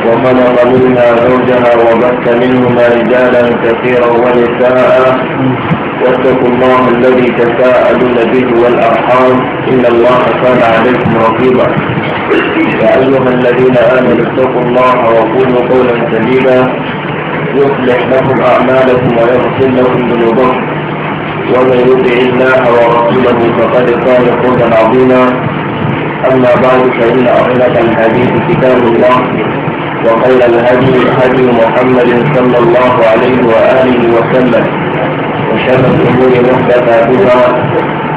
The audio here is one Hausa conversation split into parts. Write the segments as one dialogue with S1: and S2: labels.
S1: وخلق منها زوجها وبث منهما رجالا كثيرا ونساء واتقوا الله الذي تساءلون به والارحام ان الله كان عليكم رقيبا يا ايها الذين امنوا اتقوا الله وقولوا قولا سديدا يصلح لكم اعمالكم ويغفر لكم ذنوبكم ومن يطع الله ورسوله فقد قال قولا عظيما اما بعد فان اغلق الحديث كتاب الله وخير الهدي هدي محمد صلى الله عليه وآله وسلم وشر الأمور محدثاتها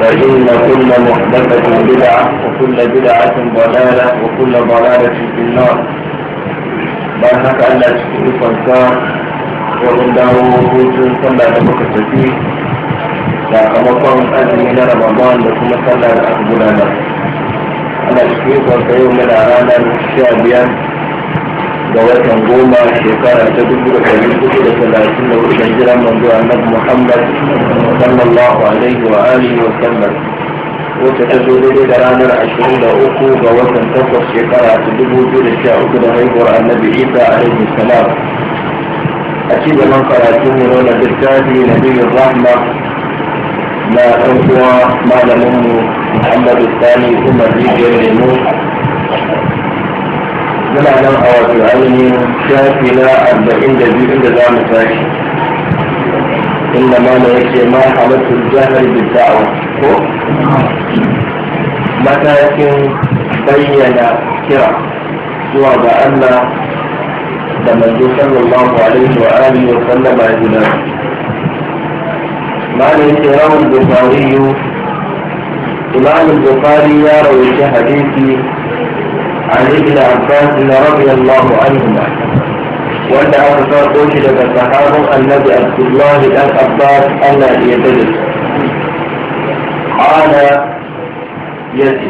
S1: فإن كل محدثة بدعة وكل بدعة ضلالة وكل ضلالة في النار بارك الله في الفرقان وعنده وجود صلى الله عليه sakamakon azumi na ramadan da kuma sallar da aka gudanar ana cikin kwarta yau da ranar sha ga watan goma shekara ta dubu da ɗari uku da talatin da hudu hijiran manzo annabi muhammad sallallahu alaihi wa alihi wa sallam wacce ta zo daidai da ranar ashirin da uku ga watan takwas shekara ta dubu biyu da sha uku da haihuwar annabi isa alaihi salam a ci gaban karatun mu nuna littafi na biyun rahma na ɗan uwa malaminmu muhammadu sani umar rijiyar lemu muna nan a wato ainihin shafi na arba'in da biyu inda za mu tashi inda ma na yake ma halattun jahar bidda'awa ko matakin bayyana kira zuwa ga Allah da manzo sallallahu alaihi wa alihi wa sallama jina ma ne yake rawar bukari imam bukari ya rawaita hadisi عن ابن عباس رضي الله عنهما وان عباس ارشد فسحاب النبي عبد الله بن عباس الا يجلس قال يده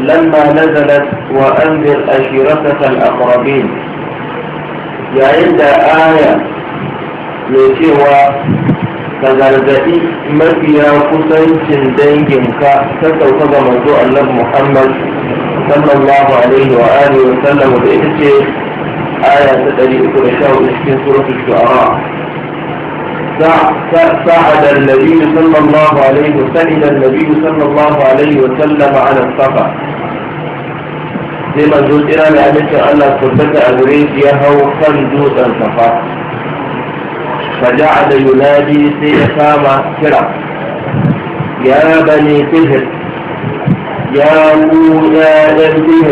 S1: لما نزلت وانذر اشيرتك الاقربين يعني عند آية لسوى فزرزئي مبيا قصير سندين جمكا تتوقف موضوع الله محمد صلى الله عليه وآله وسلم بإذن آية تدريك رشاو في سورة الشعراء ساعد النبي صلى الله عليه وسلم النبي صلى الله عليه وسلم على الصفا لما جود إلى لعلك أن الصفة أدريك يهو فنجود الصفا فجعل ينادي سيسامة كرة يا بني تهر يا موسى لبنا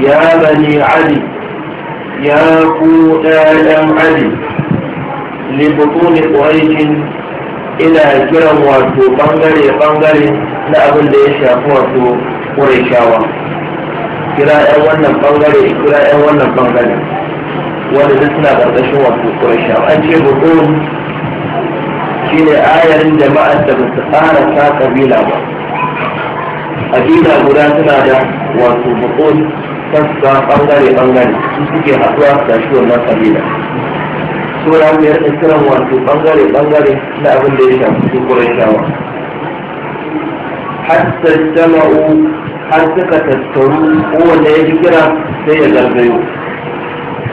S1: يا بني علي يا كوتا دم علي لبطون قريش ina kiran wato bangare-bangare na abin da ya shafi wato ƙurashawa kira 'yan wannan bangare kira 'yan wannan bangare wanda duk suna ƙarƙashin wato ƙurashawa an ce bukun shi ayarin jama'ar da ba su ƙara ta ƙabila ba aƙida guda suna da wato bukon sassa ɓangare ɓangare su suke haɗuwa da shi wannan kabila sura biyar da kiran wato ɓangare ɓangare na abin da ya shafi su shawa. hatta jama'u har suka tattaru kowanne ya ji kira sai ya gargayo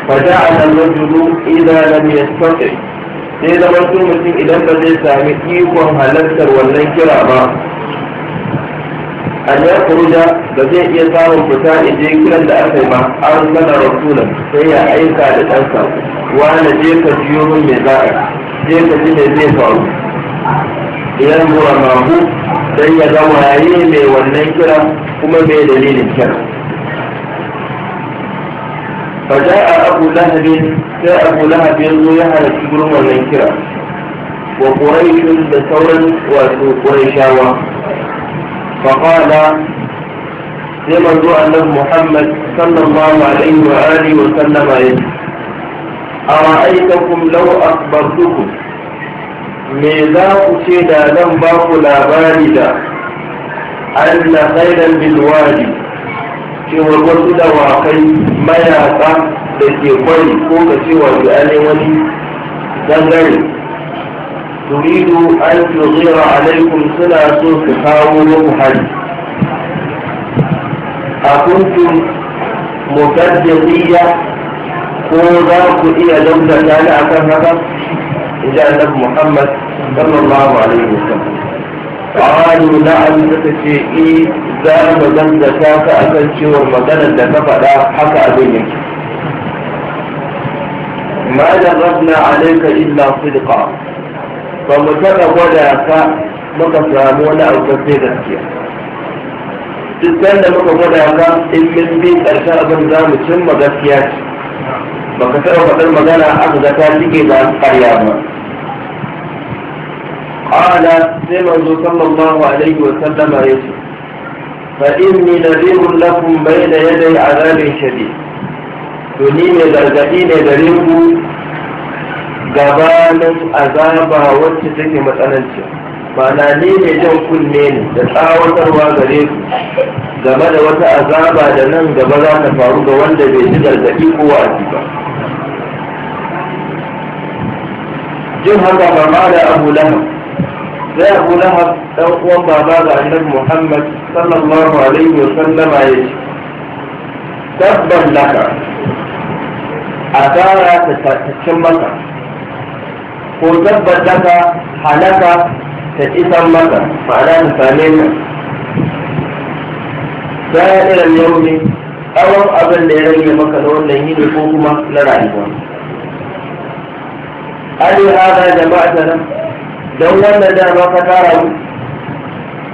S1: فجعل الرجل إذا لم يستطع sai zaman mutum idan ba zai sami ikon halartar wannan kira ba an ya kuru da zai iya samun fita je kiran da aka yi ba an sana rasulan sai ya aika da ɗansa wani je ka biyo min mai za'a je ka ji mai zai faru idan zuwa mahu dan ya ga waye mai wannan kira kuma mai dalilin kira فجاء أبو لهب جاء أبو لهب يزو يهل تجر من كرا وقريش بثورا وقريشاوة فقال لمن ذو أنه محمد صلى الله عليه وآله وسلم يجب أرأيتكم لو أخبرتكم ميزاق شيدا لم باق لا باردا أن خيرا بالوادي cewar wasu dawakai mayaka da ke kwari ko ka cewa da wani dangare تريد أن تظهر عليكم صلاة تحاول الحج أكنتم مصدقية قوضاك إلى دولة لا أكثر إلى أنك محمد صلى الله عليه وسلم
S2: قالوا
S1: نعم تتشي إيه من زكاك زكاة أكنشي ومدن الزكاة لا حكى بينك ما جربنا عليك إلا صدقا ba mu taɓa gwada ka muka samu wani abu sai gaskiya duk sanda muka gwada ka in min bi ƙarshen abin za mu cimma gaskiya ce Ba ka taɓa faɗar magana aka ga ta cike da ƙarya ba sai قال سيما صلى الله عليه na يسر فإني نذير da بين a عذاب shari'a. to ni mai gargaɗi ne gare ku gabanin azaba wacce take matsananci mana ne ne jan kunne ne da tsawatarwa gare ku game da wata azaba da nan gaba za ta faru ga wanda bai ji gargaɗi ko wa'azi ba jin haka mama da abu lahab sai abu lahab dan uwan baba ga annabi muhammad sallallahu alaihi wa sallama ya ce tabban laka A asara ta tattacin maka ko tabbata ka halaka ta isan maka ma'ana ta same ka sai irin yau ne tsawon abin da ya rage maka na wannan yini ko kuma na rayuwa ali hada jama'a ta nan don wannan dama ka tara mu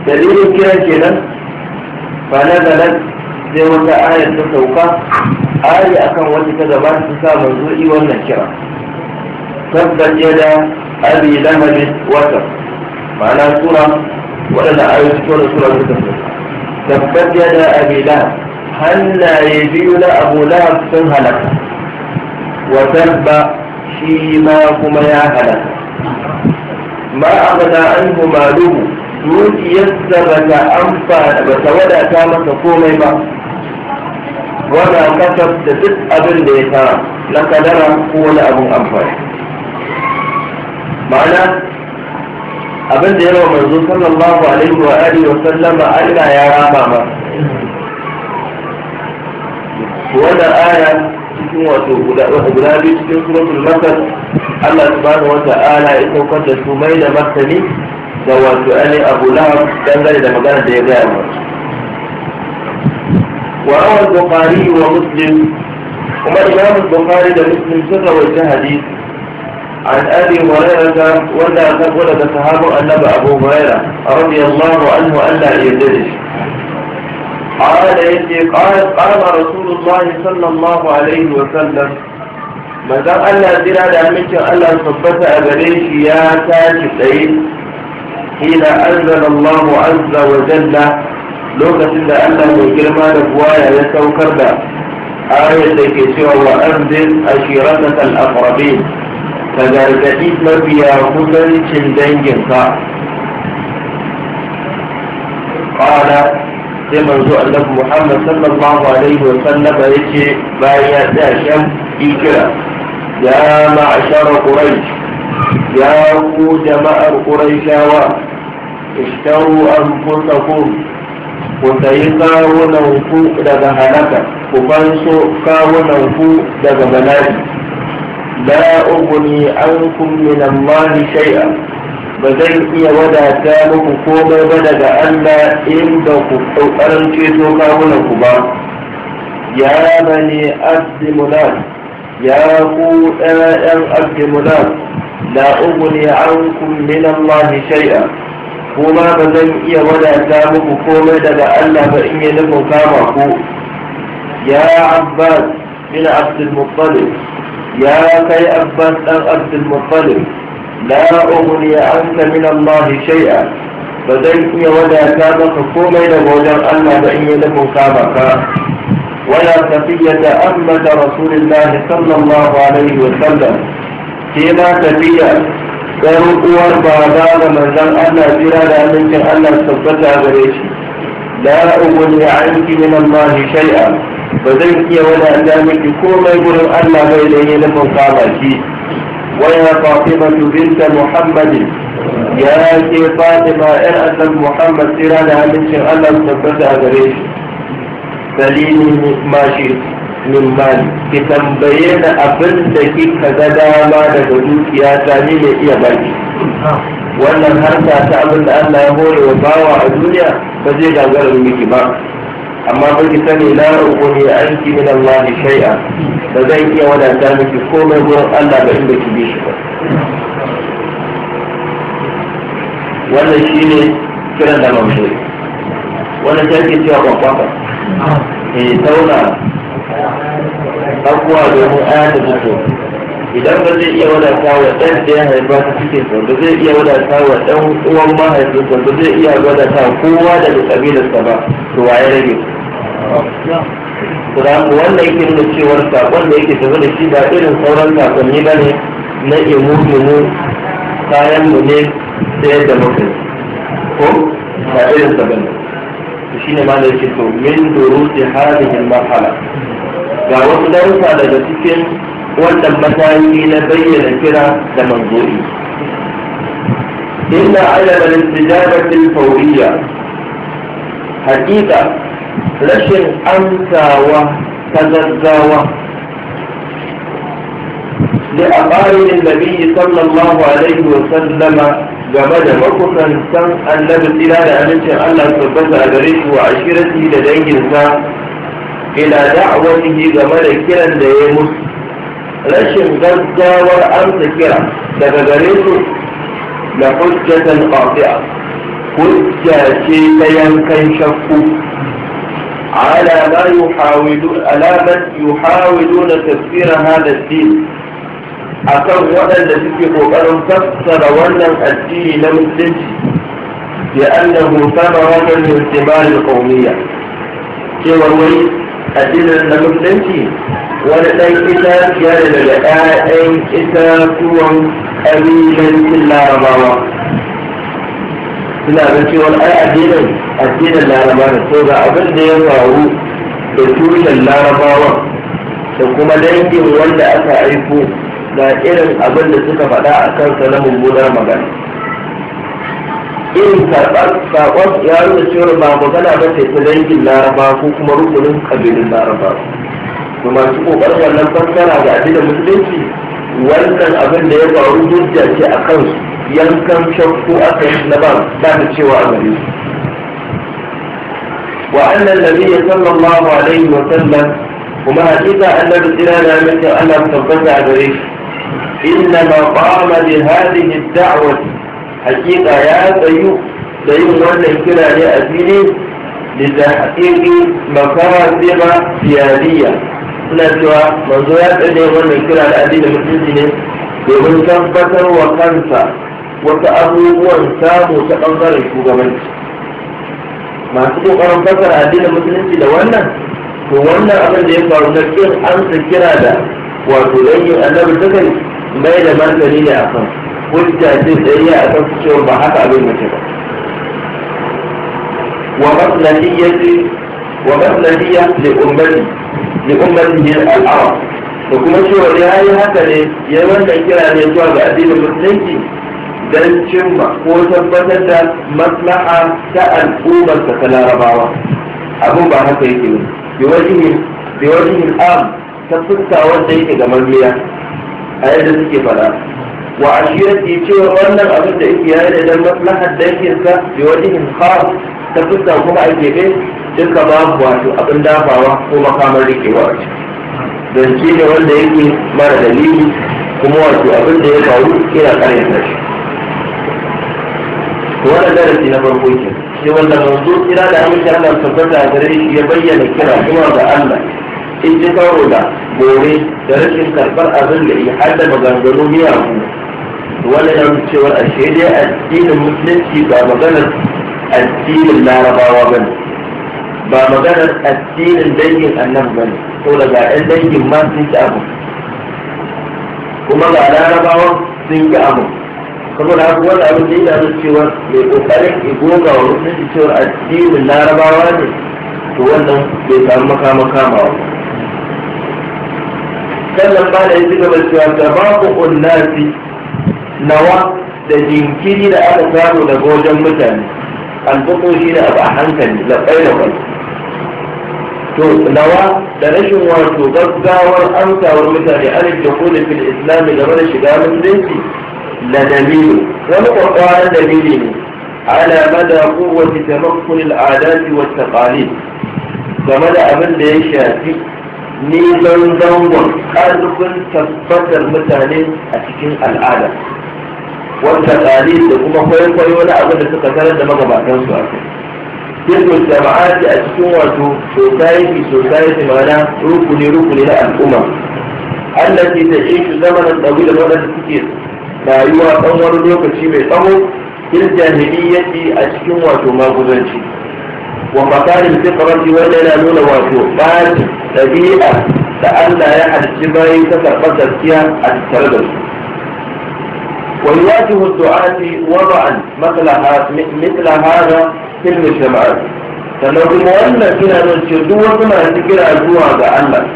S1: dalilin kiran kenan ba na nan sai wata ayar ta sauka ari akan wata ta gabata ta sa manzo wannan kira tabbat yada abi lahabin wata ma'ana sura waɗanda ayo cikin wani sura suka fi tabbat yada abi lahab hannaye biyu na abu lahab sun halaka wa ba shi ma kuma ya halaka ma abada an maluhu dukiyarsa ba ta amfana ba ta wadata masa komai ba wada kasaf da duk abin da ya tara na kadara ko wani abin amfani ma'ana abin da yawa manzo sallallahu alaihi wa alihi wa sallama Allah ya raba ba wannan aya cikin wato guda guda biyu cikin suratul masar Allah subhanahu wa ta'ala ya saukar da su mai da martani da wato ali abu lahab dangane da magana da ya gaya mu wa rawal bukhari wa muslim kuma imam bukhari da muslim sun rawaita hadisi عن أبي هريرة ولا تقول تفهم أن أبو هريرة رضي الله عنه ألا يدرس قال يتي قال قال رسول الله صلى الله عليه وسلم مدام على زرع أن لا صبت أبريش يا ساجدين حين أنزل الله عز وجل لغة da Allah mai girma da buwaya آية saukar da ayar الأقربين ka gargaɗi mabiya kusancin danginka ƙwada sai manzo annabi muhammad sallallahu alaihi wa sallam ya ce bayan ya tsaya shan ikira ya ma'ashara quraish ya ku jama'ar quraishawa ishtaru anfusakum ku sayi kawunan ku daga halaka ku fanso kawunan ku daga bala'i لا أغني عنكم من shai'a. شيئا bazan iya wadata muku komai ba daga Allah in ba ku kokarin ceto kawunan ku ba ya bani abdimulan ya ku ɗayan abdimulan la ugni ankum min Allah shay'a kuma bazan iya wadata muku komai daga Allah ba in ya nufin kama ku ya abbas bin abdul muttalib ya kai abbas ɗan abdul muttalib la umri anka min allah shay'a ba zan iya wadata maka komai da wajen allah ba in yi da kuka maka wala tafiya da ammata rasulullah sallallahu alaihi wa sallam ke ma tafiya ɗan uwar ba da ga manzan allah jira da amincin allah tabbata gare shi la umri anki min allah shay'a ba zai iya wadata miki komai gurin Allah bai da yi nufin kama shi waya Fatima binta Muhammadin ya ke Fatima ‘yar Allah Muhammad tsira da halittin Allah su tabbata a gare shi salini mashi min mali ki tambaye da abin da kika ga dama daga dukiya ta ni ne iya baki wannan harka ta abin da Allah ya hore wa bawa a duniya ba zai gagara miki ba amma ba ki sani la roƙo ne an ki min Allah ni shay'a da zan iya wadata miki komai gurin Allah ba in ki bi shi ba wannan shine kiran da mamshi wannan ta ke cewa kwakwaka eh tauna da mu ayatu mutu idan ba zai iya wadata wa ɗan da ya haifa ta cikin sa ba zai iya wadata wa ɗan uwan mahaifinsa ba zai iya wadata kowa daga ƙabilarsa ba to waye rage Kuran wanda yake nuna cewar saƙon da yake tafi da shi ba irin sauran saƙonni ba ne na imu imu kayan mu ne sayar da mutum ko ba irin sa ba ne shi ne ma da yake to min ta hadihin mahala. ga wasu daruka daga cikin wannan matayi na bayyana kira da manzuri inna alama listijabatin fauriya hakika rashin amsawa ta gaggawa da a ƙarin nabi sallallahu alaihi wa sallama game da makusantan annabi tsira da amincin allah tabbata a gare shi wa ashirati da danginsa ila da'awatihi game da kiran da ya musu ليش مجدة ولا أرض كرة تفجريته لحجة قاطعة حجة كي ينكن على ما يحاولون على من يحاولون تفسير هذا الدين أكم ولا الذي في قبرهم تفسر ولا الدين لم تنسي لأنه ثمرة من الاهتمام القومية كيف addinin na musulunci wani ɗan itaciya ya daga ƴaƴan itatuwan ƙabilancin larabawa suna da cewa ai addinin addinin larabawa da so ga abin da ya faru da tushen larabawa da kuma dangin wanda aka aiko ga irin abin da suka faɗa a kansa na mummunar magana irin karɓar saƙon ya nuna cewar ba magana ba ce ta dangin laraba ko kuma rukunin ƙabilun laraba to masu ƙoƙarin wannan fassara ga addinin musulunci wannan abin da ya faru hujja ce a kansu yankan shakku aka yi na ba ba da cewa a gare su وأن النبي صلى الله عليه وسلم وما حديث أن الرسول مثل أن تنقطع بريش إنما قام بهذه الدعوة hakika ya tsayu da yin wannan kira ne a fili da haƙiƙi makarasima siyariya suna cewa manzo ya tsaye wannan kira da adini mutunci ne domin tabbatar wa kansa wata abubuwan samu ta ɓangaren shugabanci masu ƙoƙarin fasar adini musulunci da wannan to wannan abin da ya faru na kin ta kira da wato ɗanyin annabi ta kai mai da martani ne a kansu hujja ce ya a kan cewa ba haka abin mace ba wa maslahiyati wa maslahiya li ummati li ummatihi al-arab da kuma cewa ya yi haka ne ya wannan kira ne zuwa ga addinin musulunci dan cimma ko tabbatar da maslaha ta al'ummar ta ta larabawa abin ba haka yake ne biwajihin yin am ta fuska wanda yake ga miya a yadda suke fada wa ashirati cewa wannan abin da ake yare da maslahar da yake sa bi in khas ta fuska kuma a gefe ba babu wato abin dafawa ko makamar rikewa a ciki zance ne wanda yake mara dalili kuma wato abin da ya faru ina da shi wani darasi na farko ke sai wanda mazu kira da amince Allah tabbata gare shi ya bayyana kira kuma ga Allah in ji karo da gore da rashin karɓar abin da ya hada maganganu miyagu wani na cewar ashe dai addinin musulunci ba maganar addinin larabawa ba ne ba maganar addinin dangin annan ba ne ko daga ɗan dangin ma sun ci abu kuma ga larabawan sun yi abu kuma da haka wani abin da yana da cewa mai kokarin igoga wa musulunci cewa addinin larabawa ne to wannan bai samu makama ba sannan ba da yanzu gaba cewa tabaqul nasi nawa da jinkiri da aka samu daga wajen mutane alfuko shi da abu a hankali labai da kwai to nawa da rashin wato gaggawar amsawar mutane an da kone fil islami game da shiga musulunci la dalilu wani kwakwaran dalili ne ala mada kowace tamakkun al'adati wa taqalid game da abin da ya shafi ne zangon ƙarfin tabbatar mutane a cikin al'ada wata tsari da kuma kwaikwayo na abin da suka sanar da magabatansu a kai cikin jama'ati a cikin wato society society mana rukuni rukuni na al'umma allaci da ishu zamanin tsawi da waɗanda suke rayuwa wani lokaci mai tsawo fil jahiliyyati a cikin wato maguzanci ومكان الفقرة وجل نون وفوقات تبيئة لأن لا يحد الشباي تتقصد فيها التردد ويواجه الدعاة وضعا مثل هذا مثل هذا في المجتمعات فلو مولنا كنا ننشدوه وما ذكر أبوها بأعلم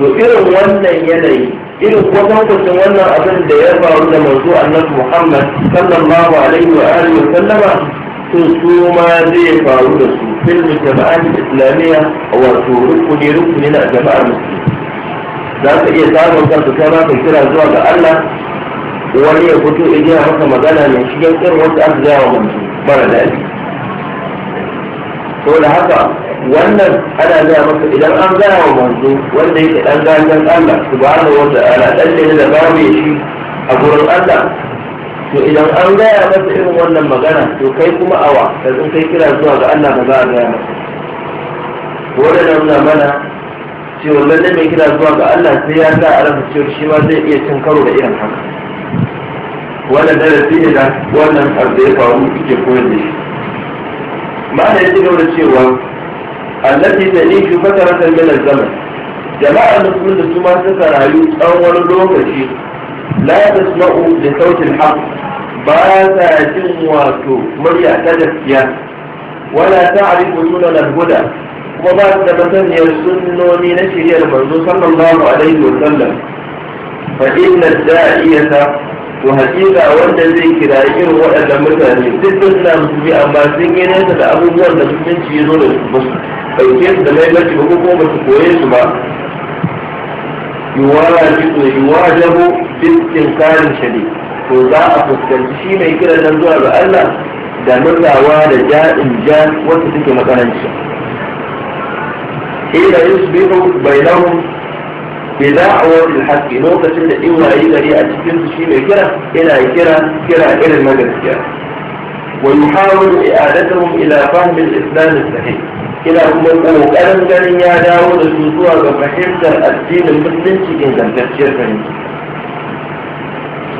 S1: فإن مولنا يلي إن قطعت سوالنا أبن ديابا عند موضوع النبي محمد صلى الله عليه وآله وسلم to su ma zai faru da su filmin jama'ar islamiyya wato rukuni rukuni na jama'ar
S2: musulmi
S1: za ka iya samun kansu kai ma kira zuwa ga Allah wani ya fito in gina maka magana mai shigen irin wasu an gaya wa mara daɗi to da haka wannan ana gaya maka idan an gaya wa masu wanda yake ɗan gajen Allah da wata ala ɗan da da babu shi a gurin Allah to idan an gaya masa irin wannan magana to kai kuma awa da sun kai kira zuwa ga Allah ba za a gaya masa ko da na mana wannan ne mai kira zuwa ga Allah sai ya sa a rasa cewa shi ma zai iya cin karo da irin haka wannan darasi ne da wannan abu ya faru ke koyar da shi ma'ana ya ci gaba da cewa allati tanifu fataratan min zaman jama'ar musulun da su ma suka rayu tsawon wani lokaci la tasma'u li sautil haqq ba ta jin wato murya ta gaskiya wala ta'rifu sunan al-huda kuma ba ta da masaniyar sunnoni na shiriyar manzo sallallahu alaihi wa sallam fa inna da'iyata to hakika wanda zai kira irin waɗannan mutane duk da suna musulmi amma sun yi nesa da abubuwan da musulunci ya zo da su ba su ɗauke su da mahimmanci ba ko ba su koye su ba yuwajabu karin shadid to za a fuskanci shi mai kiran nan zuwa ga Allah da murtawa da ja'in ja wacce take makaranci ila yusbihu bainahum bi da'wati al lokacin da iwayi gari a cikin su shi mai kira ina kira kira irin na gaskiya ويحاول إعادتهم إلى فهم الإسلام الصحيح إلى أمه ألم كان يا داود الشيطوع بفحيرة الدين المسلم شكين زمتشير فهمت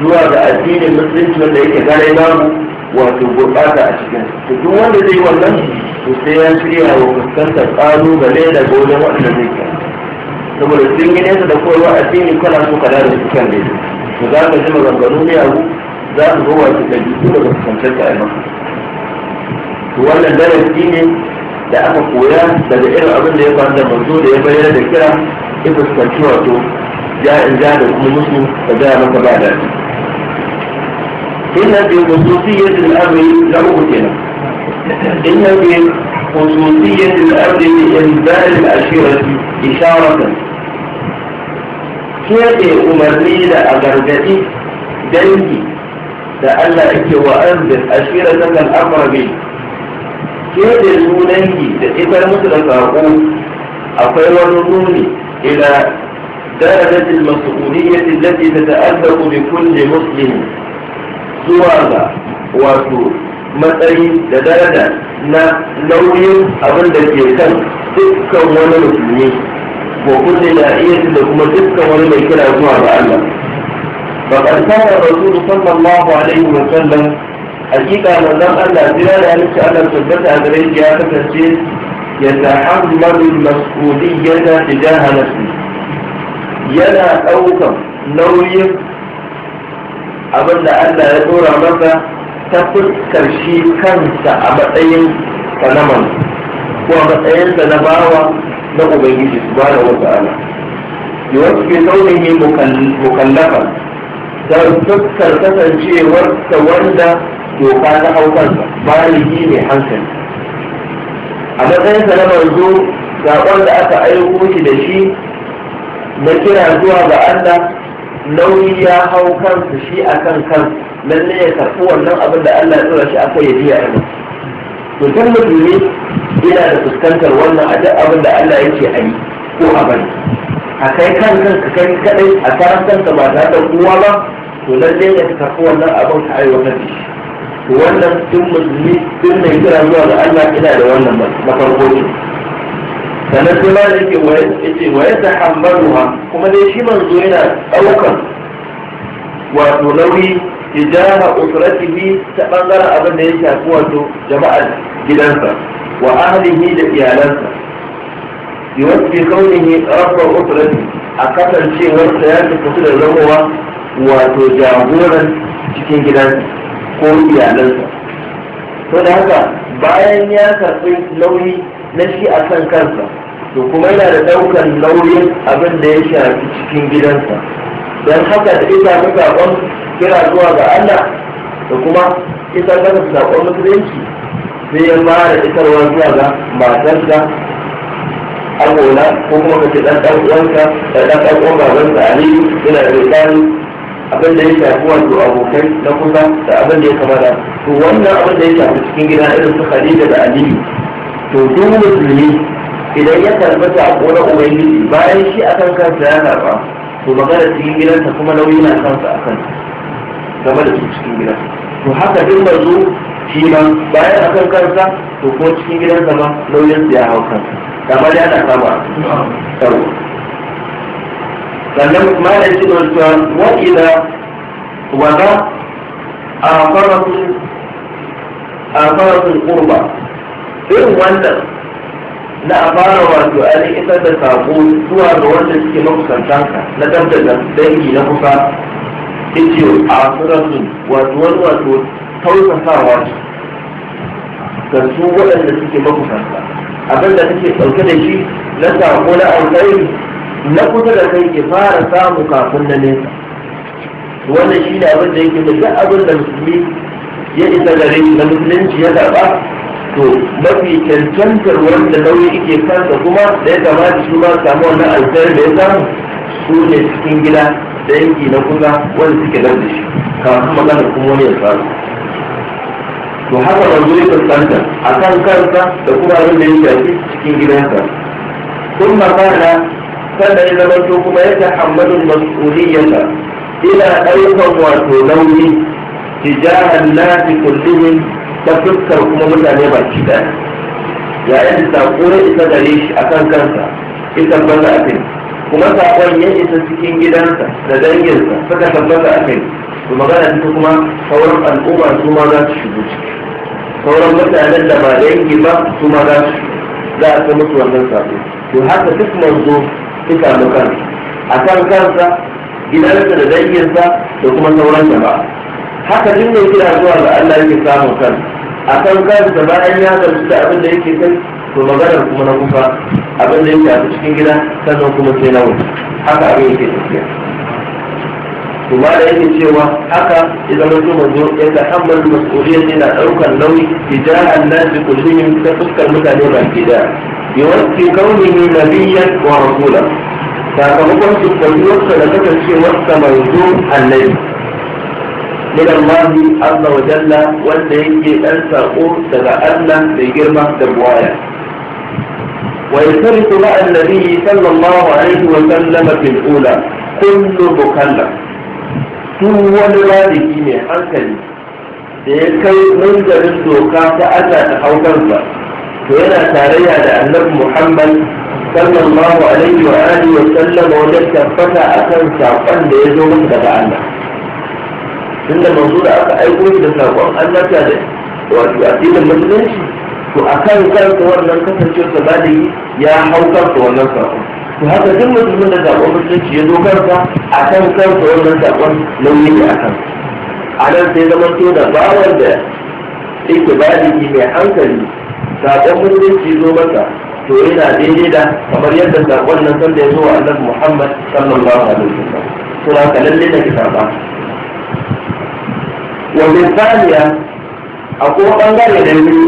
S1: zuwa ga addinin musulunci wanda yake gane babu wato gurɓata a cikin to wanda zai wannan to sai ya shirya wa fuskantar da wajen waɗanda zai saboda sun yi nesa da koyarwa addini kana so ka da su kan dai za ka ji maganganu ne abu ده هو التجديد للكونتات المخصوص هو اللي ده الديني ده أما قوية ده إيه الأرض اللي يبقى عند المنزول يبقى يلا إيه ده كده إيه بسكتورته جاء إنزاد وكم المسلم فده ما تبع ذلك إن في خصوصية الامر الأرض لغوتنا إن في خصوصية الامر لإنزاد الأشيرة إشارة كيف أمرني لأغرقتي دنجي da Allah yake wa a ashira zakan amrabi ke da sunanki da ifar musu da saƙo akwai wani nuni ila darajatul mas'uliyyah allati tata'allaqu bi kulli muslim zuwa ga wato matsayi da daraja na nauyin abin da ke kan dukkan wani musulmi ko kulli da iya da kuma dukkan wani mai kira zuwa ga Allah فقد كان الرسول صلى الله عليه وسلم حقيقة من لم أن زلال أنك أن الثبت أدريك يا فتسير يتحمل المسؤولية تجاه نفسه يلا أوكم نوي abin da Allah ya dora masa ta fuskar shi kansa a matsayin sa na ko a matsayin sa na bawa na Ubangiji subhanahu wa ke mukallafa don kasancewar kasancewarsa wanda doka na haukansa baligi ne hankali a matsayinsa na manzo saƙon da aka aiko shi da shi na kira zuwa ga Allah nauyi ya hau kansa shi a kan kan lalle ya karɓi wannan abin da Allah ya tsora shi a kai ya biya a nan to duk ne yana da fuskantar wannan a duk abin da Allah yake a yi ko a bari a kai kan kanka kai kadai a karan kanka ba tare da kowa ba to lalle ne ka karɓi wannan abin ka aiwatar da wannan duk musulmi duk mai kira zuwa ga Allah ina da wannan na farko ne sannan sai ma yake yace wa yadda kuma dai shi manzo yana ɗaukar. wato nauyi tijara usratihi ta bangaren abin da ya shafi wato jama'ar gidansa wa ahlihi da iyalansa يوفي كونه رب أسرته أكثر شيء والسياسة تقول الرموة وتجاورا cikin gidansa ko iyalansa to da haka bayan ya karɓi nauyi na shi a kan kansa to kuma yana da ɗaukar nauyin abin da ya shafi cikin gidansa don haka da ita mu saƙon kira zuwa ga Allah da kuma ita ga saƙon musulunci sai ya mara itarwa zuwa ga matarsa agola ko kuma ka ce dan dan uwanka da dan dan uwan babanka aliyu yana da misali abin da ya shafi wato abokai na kusa da abin da ya kamata to wannan abin da ya shafi cikin gida irin su khadija da aliyu to duk musulmi idan ya karɓi sako na ubangiji bayan shi akan kansa ya karɓa to magana cikin gidansa kuma nauyi na kansa a kansa game da su cikin gida to haka duk manzo shi ma bayan akan kansa to ko cikin gidansa ma nauyin ya hau kansa kama da ana kama yau sannan malam shi don cewa wa'ida waza a faratun a faratun kurba irin wannan na a fara wato a isar da sako zuwa ga wanda suke makusantanka na dabda dangi na kusa ce a faratun wato wani wato tausasawa ga su waɗanda suke makusanta abin da take ɗauke da shi na sako na alkhairi na kusa da kai ke fara samu kafin na nesa wannan shi ne abin da yake da duk abin da musulmi ya isa gare na musulunci ya zaɓa to mafi cancantar wanda nauyi ike kansa kuma da ya kamata shi ma samu wannan alkhairi da ya samu su ne cikin gida da yanki na kusa wanda suke nan da shi kafin magana kuma wani ya samu to haka ba zai fuskanta a kan kansa da kuma abin da ya shafi cikin gidansa sun makana sannan ya zama to kuma ya tahammalin mas'uliyyata ina ɗaukan wato nauyi tijahan nasi kullumin ta fuskar kuma mutane baki ɗaya yayin da saƙo ya isa gare shi a kan kansa ita tabbata a kai kuma sakon ya isa cikin gidansa da danginsa suka tabbata a kai to magana ta kuma sauran al'umma su ma za su shigo ciki sauran mutanen da ba yanki ba su ma za su za a ta mutu wannan sabo to haka duk manzo suka mu kansa a kan kansa gidansa da danginsa da kuma sauran da ba, haka duk ne kira zuwa ga Allah yake samun kansa a kan kansa bayan ya su da abin da yake kai to maganar kuma na kufa abin da yake a cikin gida sannan kuma sai na wuce haka abin yake tafiya to ma da yake cewa haka idan mutum manzo ya ta hammal mas'uliyya yana daukar nauyi tijahan nas bi kullihim ta fuskar mutane ba ke da yawanci kaunihi nabiyyan wa rasula sakamakon su kwalwarsa da kasancewarsa manzo annabi من الله عز وجل wanda yake ɗan saƙo daga Allah mai girma da buwaya ويشترك مع النبي صلى الله عليه وسلم في الأولى كل مكلف duk wani baligi mai hankali da ya kai munzarin doka ta allah ta hau kansa to yana tarayya da annabi muhammad sallallahu alaihi wa alihi wa sallam wajen tabbata akan saƙon da ya zo masa daga allah tunda manzo da aka aiko shi da saƙon allah ta da wato addinin musulunci to akan kansa wannan kasancewa baligi ya hau kansa wannan saƙon to haka duk mutumin da zaɓen musulunci ya zo kansa a kan kansa wannan zaɓen nauyi ne a kan a nan sai zama to da bawan da yake baligi mai hankali zaɓen musulunci zo masa to yana daidai da kamar yadda zaɓen nan sanda ya zo wa annabi muhammad sallallahu alaihi wasallam to haka lalle da kita ba wa thaniya akwai bangare da ni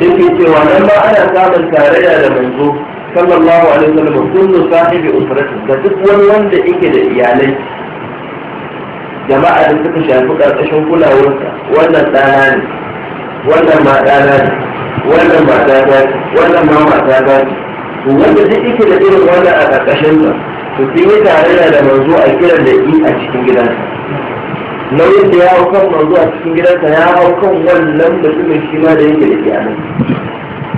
S1: yake cewa nan ba ana samun tarayya da manzo صلى الله عليه وسلم كل صاحب أسرته تتك ولن ده إكد إيالي جماعة لسك شاركوك أشهم كل أولك ولا تانان ولا ما تانان ولا ما تانان ولا ما ما تانان ولن ده إكد إيه ولا أتكشن فتيوي تعالينا لمنزوع كلا لإيه أشكين جدا لو يدي ياهو كم منزوع أشكين جدا سياهو كم ولن ده شما ده إكد إيالي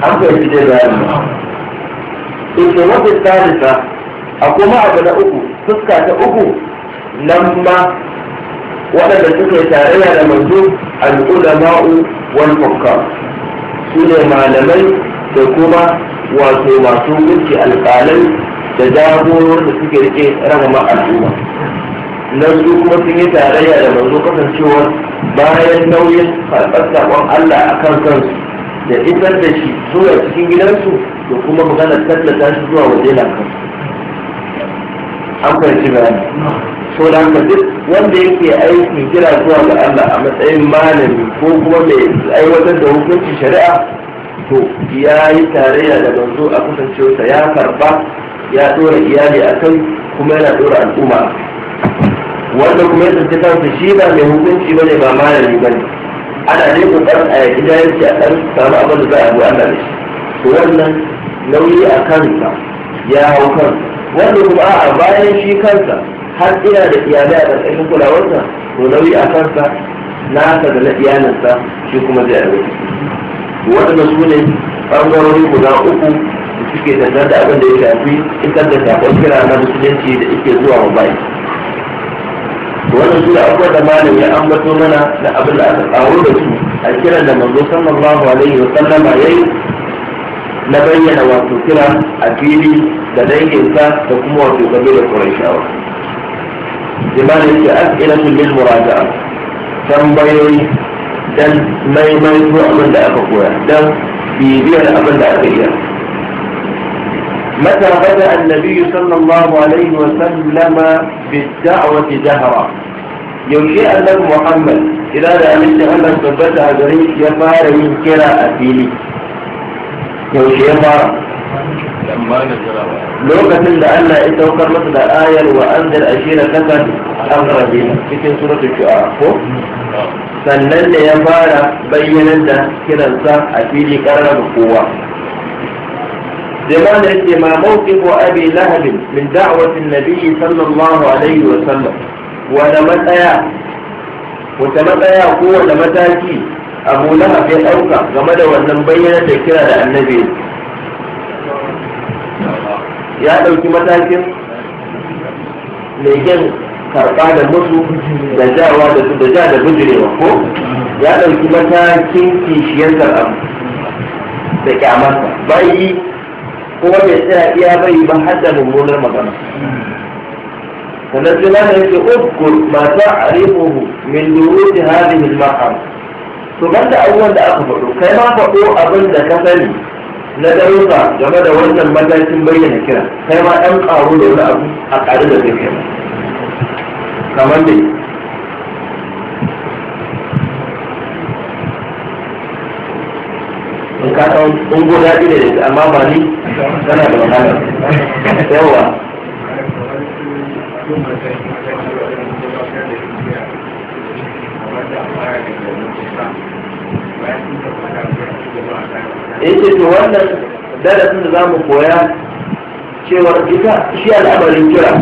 S1: أفضل جدا ita wata salisa a kuma abu na uku fuska ta uku nan ma waɗanda suka yi tarayya da manzo al'ulama'u wal hukam su ne malamai da kuma wato masu mulki alƙalai da jagorar da suke rike rama al'umma nan su kuma sun yi tarayya da manzo kasancewar bayan nauyin karɓar saƙon allah a kan kansu da isar da shi zuwa cikin gidansu to kuma magana tallata shi zuwa waje na kan an fahimci bayani so da haka duk wanda yake aiki kira zuwa ga Allah a matsayin malami ko kuma mai aiwatar da hukunci shari'a to ya yi tarayya da manzo a kasancewarsa ya karba ya dora iyali a kai kuma yana dora al'umma wanda kuma ya tsanci shi ba mai hukunci bane ba malami bane ana ne kokarin a yaki jahilci a ɗan samu abin da za a yi Allah da shi wannan nauyi a kansa ya hau kansa wanda kuma a bayan shi kansa har ina da iyalai a ƙarƙashin kulawarsa to nauyi a kansa nasa da na iyalinsa shi kuma zai aure waɗanda su ne ɓangarori guda uku da suke tattar da abin da ya shafi in da shafon kira na musulunci da ike zuwa wa wannan su da abubuwan da malam ya ambato mana da abin da aka kawo da su a kiran da manzo sallallahu alaihi wa sallama yayi na bayyana wato kira a fili da danginsa da kuma wato gabe da ƙurashawa imani yake su lil muraja'a tambayoyi dan maimai abin da aka koya dan bibiyar abin da aka iya متى بدأ النبي صلى الله عليه وسلم بالدعوة جهرا yaushe annabi muhammad ina da amincin allah a gare shi ya fara yin kira a fili lokacin da allah ya saukar masa da ayar wa anzar ashira kasan amrabina cikin suratul shu'a ko sannan ne ya fara bayyanar da kiransa a fili karrama kowa لماذا يتم موقف أبي لهب من دعوة النبي صلى الله عليه وسلم ولمتى وتمتى يقول لمتى كي أبو لهب يتوقع كما دو أن نبين تكرا النبي يا دوكي متاكر لكن karɓa da musu da jawa da su da ja da bujirewa ko ya ɗauki matakin kishiyar abu da kyamarsa bai kuma bai tsaya iya bai ba har da mummunar magana sannan suna da yake ukur ma ta'rifuhu min durud hadhihi al-maqam to da abubuwan da aka faɗo kai ma faɗo abin da ka sani na darusa game da wannan matakin bayyana kira kai ma ɗan ƙaru da wani abu a ƙari da kai kamar dai ka san ungo daɗi da ita amma ba ni tana da wahala yawa ce to wannan darasin da zamu koya cewar ita shi al'amarin kira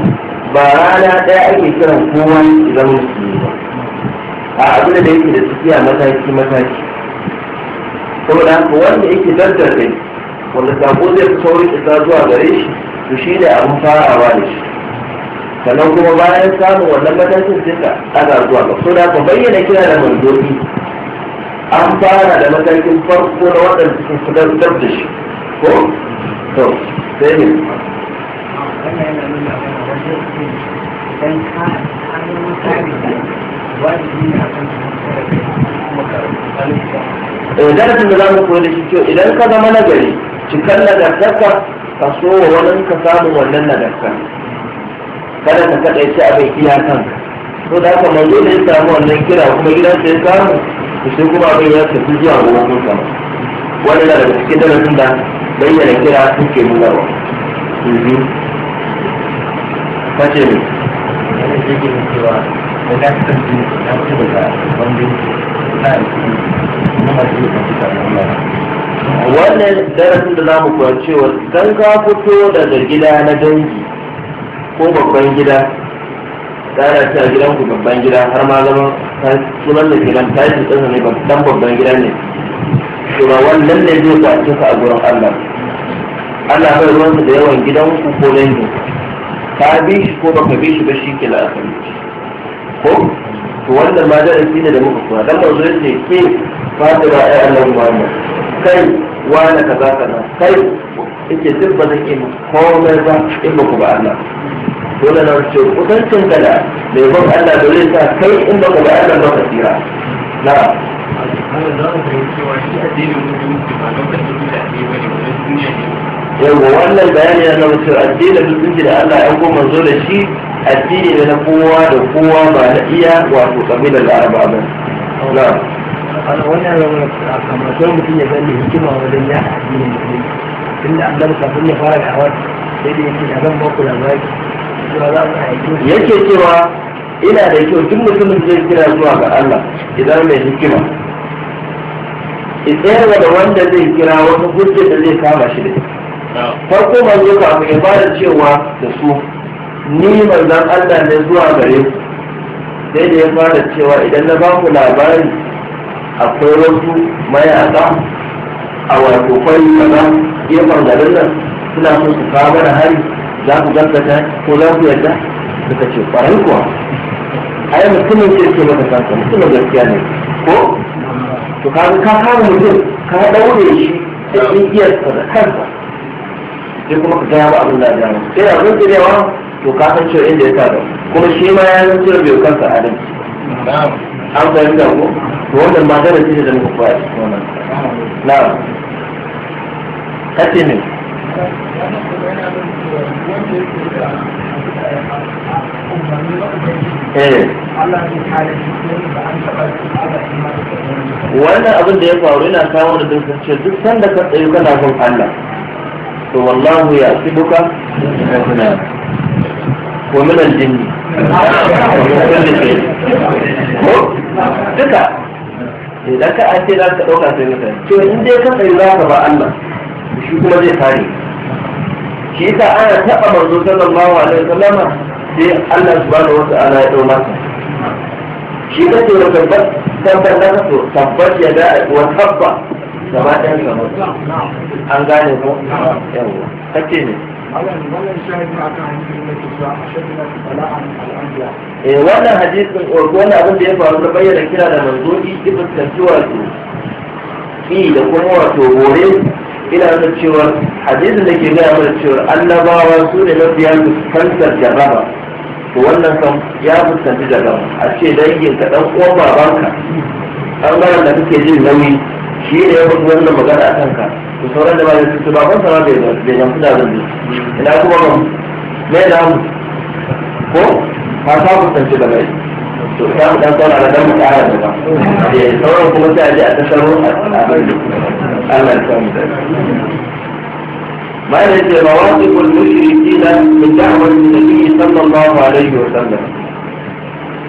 S1: ba rana ɗaya ake kiran kowa ya zama musulmi
S2: ba
S1: a abin da yake da tafiya mataki mataki Kuma da haka wanda yake dantar kai wanda sako zai fi saurin isa zuwa gare shi to shi ne abin farawa ne shi sannan kuma bayan samun wannan matakin duka ana zuwa ga so da ka bayyana kira da manzobi an fara da matakin farko na waɗanda suke fitar da shi ko to sai ne
S2: Thank you. darasin da za mu koyi da shi kyau idan ka zama nagari
S1: cikar nagartarka ka so wa wani ka samu wannan nagartar kada ka kaɗai a abin iya kanka to da haka manzo da ya samu wannan kira kuma gidan ya samu to sai kuma abin ya tafi zuwa gobe kun sama wani na daga cikin darasin da bayyana kira suke nuna wa kace ne da na
S3: kasance na kuma da wanda na
S1: wannan darasin da zamu kuwa cewa dan ka fito daga gida na dangi ko babban gida tsara ta gidan ku babban gida har ma zama sunan da gidan yi tsasa ne dan babban gida ne cewa wannan ne zai kwace ka a gurin Allah Allah bai ruwansa da yawan gidan ku ko dangin ka bi shi ko baka bi shi ba shi ke la'asar ko to wannan ma darasi ne da muka koya dan manzo yace ke da ai Allah mu kai wani kaza kaza kai yake duk ba zan iya komai ba in ba ku ba Allah dole na ce kusancin ka da mai ban Allah dole sa kai in ba ku ba Allah ba ka tsira na
S3: Allah za mu fahimci cewa shi addinin
S2: musulunci ba lokacin da ake bane wannan duniya ne
S1: yawa wannan bayani na mutum addinin musulunci da Allah ya koma zo da shi addini ne na kowa da kowa ba na iya wato kabilar laraba ba na wannan kamar mutum ya zane hikima wajen ya addinin musulunci tunda annabi kafin ya fara da awar sai da yake zan ba ku labari
S3: yake cewa ina da kyau duk mutumin
S1: zai kira zuwa ga Allah idan mai hikima in tsayarwa da wanda zai kira wata hujjar da zai kama shi da ita farko manzo kafin ya fara cewa da su ni manzan Allah ne zuwa gare ku sai da ya fara cewa idan na baku labari akwai wasu mayaka a wato kwari kaza gefen garin nan suna so su kawo mana hari za ku gaskata ko za ku yarda suka ce kwarai kuwa ai mutumin ke ce maka kansa mutumin gaskiya ne ko to ka ka kama mutum ka daure shi da igiyarsa da kansa sai kuma ka gaya abin da ya sai da abin tsirewa to ka san cewa inda ya tada kuma shi ma ya san cewa bai kansa adam an fahimta ko to wannan ma darasi ne da muka koya na'am kace ne
S3: eh. wannan abin
S1: da ya faru yana kawo da dukkan ce duk sanda ka tsaye kana son Allah to wallahu ya fi duka wa min aljinni ko duka idan ka ake za ka ɗauka sai mutane to in dai ka tsayi za ka ba Allah shi kuma zai kare shi ta ana taɓa manzo sallallahu alaihi wasallam sai Allah subhanahu wa ta'ala ya ɗau masa shi kace wa tabbat da na kaso tabbat ya da'a wa tabba gaba ɗan gaba an gane ko yawa ce ne
S3: eh wannan hadisin
S1: wanda abin da ya faru na bayyana kira da manzo ki fuskanci wato ki da kuma wato gore ina da cewa hadisin da ke gaya mana cewa annabawa su ne mafiya fuskantar jarraba to wannan kan ya fuskanci jarraba a ce dangin ka dan uwan banka an da kake jin nauyi shi ne ya faɗi wannan magana a kanka to sauran da ba da su ba kansa da bai zafi da zan ina kuma ban mai na mu ko ka ta kusanci da mai to ta mu dan sauna mu ƙara da ba da eh, sauran kuma sai a je a tasaro a Allah ya samu da ما الذي مواقف da من دعوة النبي صلى الله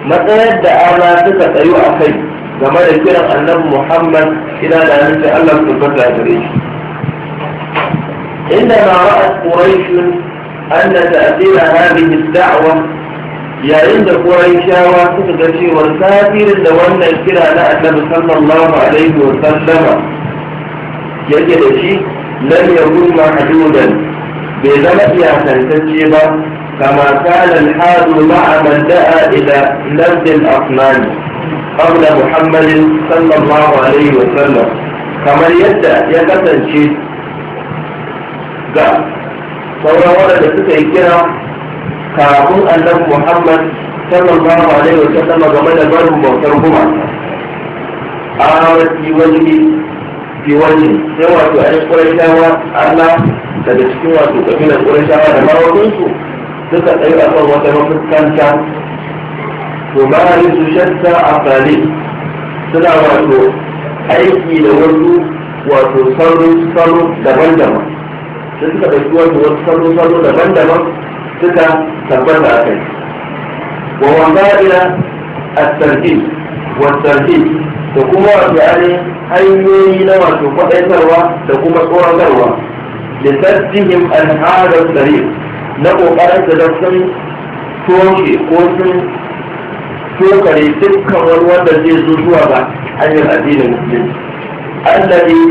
S1: Matsayar da ana تندى أما تتقيوا kai. كما يكون أن محمد إلى أن يتألم ألم تنفتع قريش عندما رأت قريش أن تأثير هذه الدعوة يا عند قريش وكتبتي والسافر لولا الكلى أن أتلم صلى الله عليه وسلم يجد شيء لم يكن محدودا بذلك يا سنتجيبا كما كان الحال مع من دعا إلى لفظ الأصنام قبل محمد صلى الله عليه وسلم kamar yadda ya kasance ga sauran waɗanda suka yi kira kafin annabi muhammad sallallahu alaihi wa sallama game da barin bautar gumaka arawar wani fi wani a yin ƙurashawa allah daga cikin wato ƙurashawa da mawaƙinsu suka tsaye a kan wata tumarisu shatta aqali suna wato aiki da wasu wato salo-salo daban-daban sai suka ɗauki wato wasu salo-salo daban-daban suka tabbata a kai wa wanda ila at wa tarhib da kuma wato ne hanyoyi na wato kwaɗaitarwa da kuma tsoratarwa lisaddihim an hada na ƙoƙarin da sun toshe ko sun tokare dukkan wani wanda zai zo zuwa a hanyar addinin musulunci allazi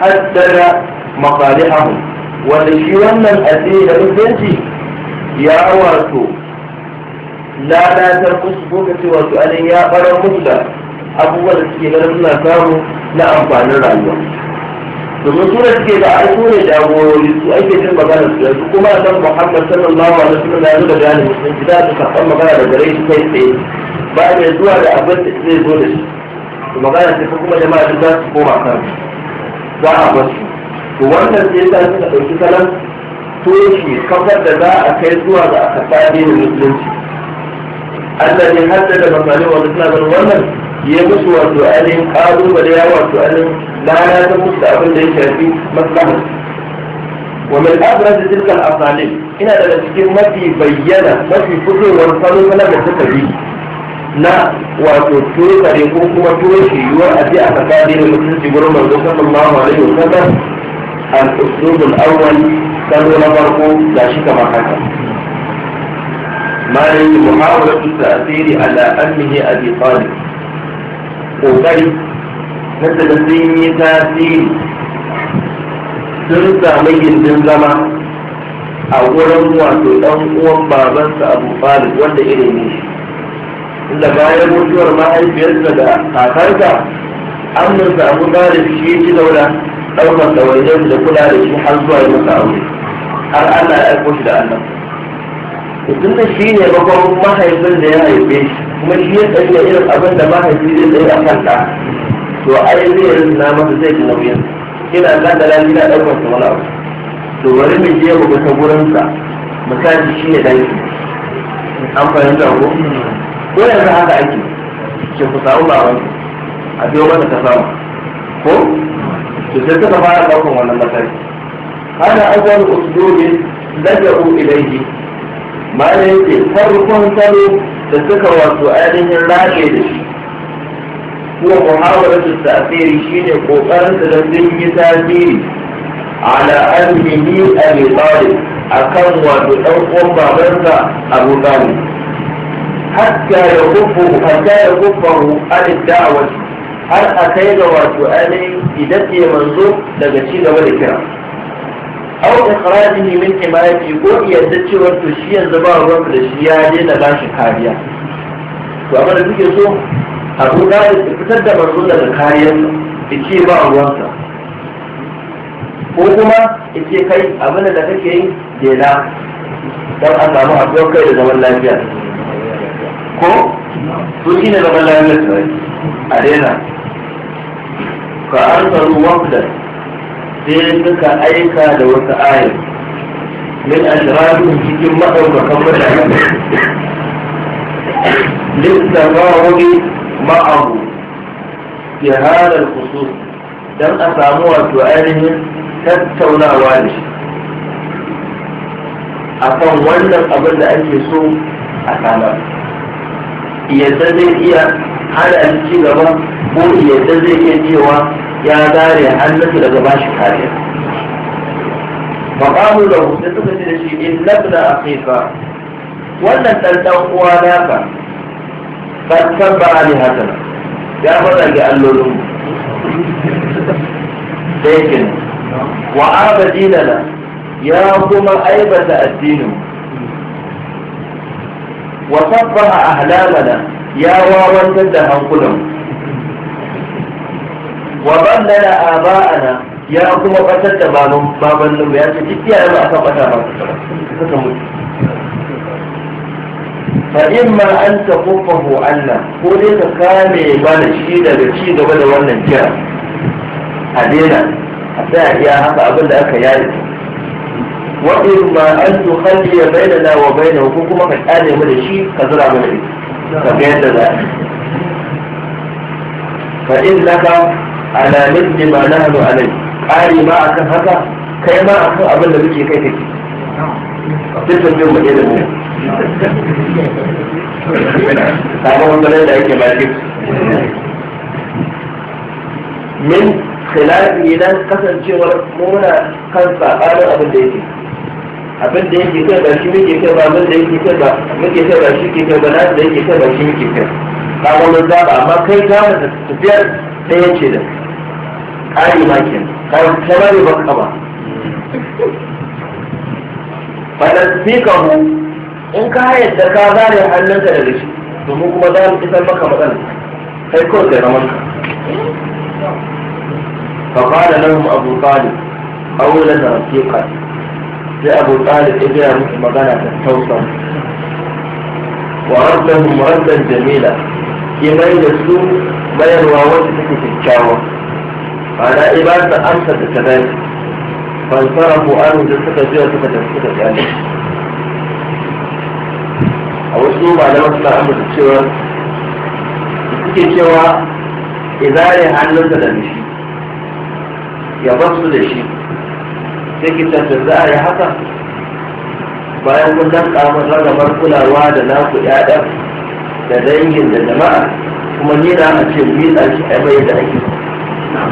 S1: haddara maqalihahu wanda shi wannan addini da musulunci ya wato lalatar musu ko ka ce wato alin ya barar musu da abubuwan da suke ganin suna samu na amfanin rayuwa domin su da suke da ai su ne jagorori su ake jin magana su yanzu kuma nan muhammad sallallahu alaihi wasallam ya zo da jani musulunci za su karɓar magana da gare shi kai tsaye ba mai zuwa da abin da zai zo da shi to magana ta kuma jama'a duk za su koma kan za a basu to wannan sai ta suka ɗauki salon toshi kafar da za a kai zuwa ga aka sami da musulunci Allah ne haddada masalin wa musulman wannan ya musu wato ainihin da ya wato ainihin lana ta musu da abin da ya shafi maslahar ومن أبرز تلك الأساليب إن هذا الشيء ما في mafi ما في فتوى والفضل da من تكبيه na wato tsare ko kuma toshe yiwuwar a ce a tsakanin da mutunci gurin manzo sallallahu alaihi wasallam al-uslub al-awwal salo na farko da shi kamar haka malai muhawara tasiri ala ammihi abi talib kokari kada da sun yi tasiri sun samu gindin zama a wurin wato ɗan uwan babansa abu talib wanda irin ne shi inda bayan mutuwar mahaifiyarsa da kakarka, an mun samu gane shi ci daura ɗaukar wajen da kula da shi har zuwa yi masa aure har ana ya aiko shi da Allah tun da shi ne bakon mahaifin da ya haife shi kuma shi ya tsaye irin abin da mahaifi zai tsaye a kanta, to to ai zai yi rinna masa zai ji nauyin kina kan da lafi na ɗaukar sa wani abu to bari mu je mu ga ta gurinsa misali shi ne dangi. an fahimta ko ko yanzu haka ake ce ku samu labarin a biyo mata ta samu ko to sai suka fara ɗaukan wannan matsayi hada azal usulubi lajaru ilaihi ma da yake farkon salo da suka wato ainihin rage da shi kuma muhawarar su tasiri shine ne ƙoƙarin da sun yi tasiri ala mai tsari a akan wato ɗan uwan babansa a talib hatta ya kufu hatta ya a an har a kai ga wato ainihin idan ya manzo daga cigaba da kira aw ikhrajihi min ko iya ta cewa to shi yanzu ba ruwan da shi ya daina bashi kariya to amma da suke so abu da ya fitar da manzo daga kariyarsa ya ce ba ruwansa ko kuma ya ce kai abin da kake yi daina don a samu haɗuwar kai da zaman lafiya ko? Tuki ne da lai da tsari a daina. Ka an faru wafda sai suka aika da wata ayi min a cikin maɗaukakan mutane. Lissa ba wani ma'abu ya hada kusu don a samu wato ainihin tattaunawa ne. akan wannan abin da ake so a kanar yadda zai iya hana ci gaba ko yadda zai iya cewa ya zare hannunsa daga bashi kariya faƙamu da da suka ce da shi in labna a kaifa wannan ɗan ɗan uwa naka kan tabba ali hasan ya faɗa ga allolin mu sai wa abadina ya kuma aibata addinin mu wa a ahlamana ya wawantar da hankulan wa ballala aba'ana ya kuma batar da baban baban ya ce duk yaran aka bata ba suka mutu فإما أن تكفه عنا ko dai ka kame mana shi daga ci gaba da wannan kira a daina a tsaya iya haka abin da aka yari wa imma an da bainana wa bainahu ko kuma ka kyale mu da shi ka zura mu da shi ka ga yadda za fa laka ala mithli ma nahnu alai qari ma akan haka kai ma akan abin da muke kai kake sai tambayar mu da mu kaga ne da yake baki min khilafi nan kasancewar muna kan tsakanin abin da yake abin da yake kai ba shi muke kai ba abin da yake kai ba muke kai ba shi ke kai ba na da yake kai ba shi muke kai ba wani zaba amma kai ka mata tafiyar ɗaya ce da ƙari ma ke ka ba ne ba ka ba falasfikahu in ka da ka zare hannunka daga shi domin kuma za mu isar maka matsala kai kawai da ramar ka fa da lahum abu talib aure da rafiqa لأبو طالب إبراهيم مبنى الحوصل وردهم ردا جميلا كي ما يلسوا ما يرواوات في الكاوة على إبادة أمسى تتبين فانصرفوا أنه جسد جيرا تتبين جسد جيرا أو أسلوب على مطلع أمسى تتبين تتبين جيرا إذا لي عن لزل المشي يبصل الشيء yake da za a yi haka bayan kun dan kamar ragamar kulawa da naku yada da dangin da jama'a kuma ni na a ce ni da shi a bai da ake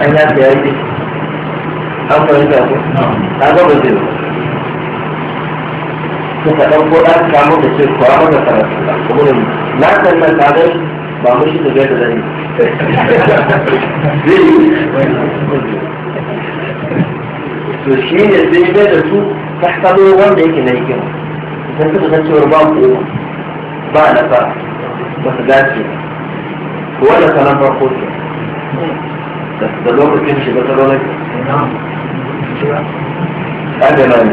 S1: an ya ta yake an fahimta ko ta ga ba zai ku ka da ka mu da ce kuwa maka karatu kuma ne na san nan ka ga ba mu shi da zai
S2: da zai
S1: to shi ne zai bai da su ta salo wanda yake na hikima idan suka san cewar ba ku ba nasara ba su dace ko wanda sanan farko ce da lokacin shi ba tsaro na haka nan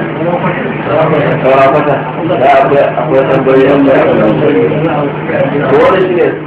S1: kwata da akwai da ya ko wani shi ne